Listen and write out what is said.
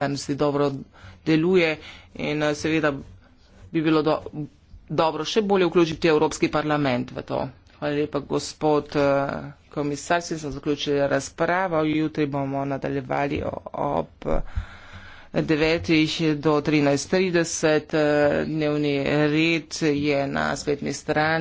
danes dobro deluje in eh, seveda bi bilo do, dobro še bolje vključiti Evropski parlament v to. Hvala lepa, gospod eh, komisar, si smo zaključili razpravo, jutri bomo nadaljevali ob 9. Eh, do 13.30. Dnevni red je na spletni strani.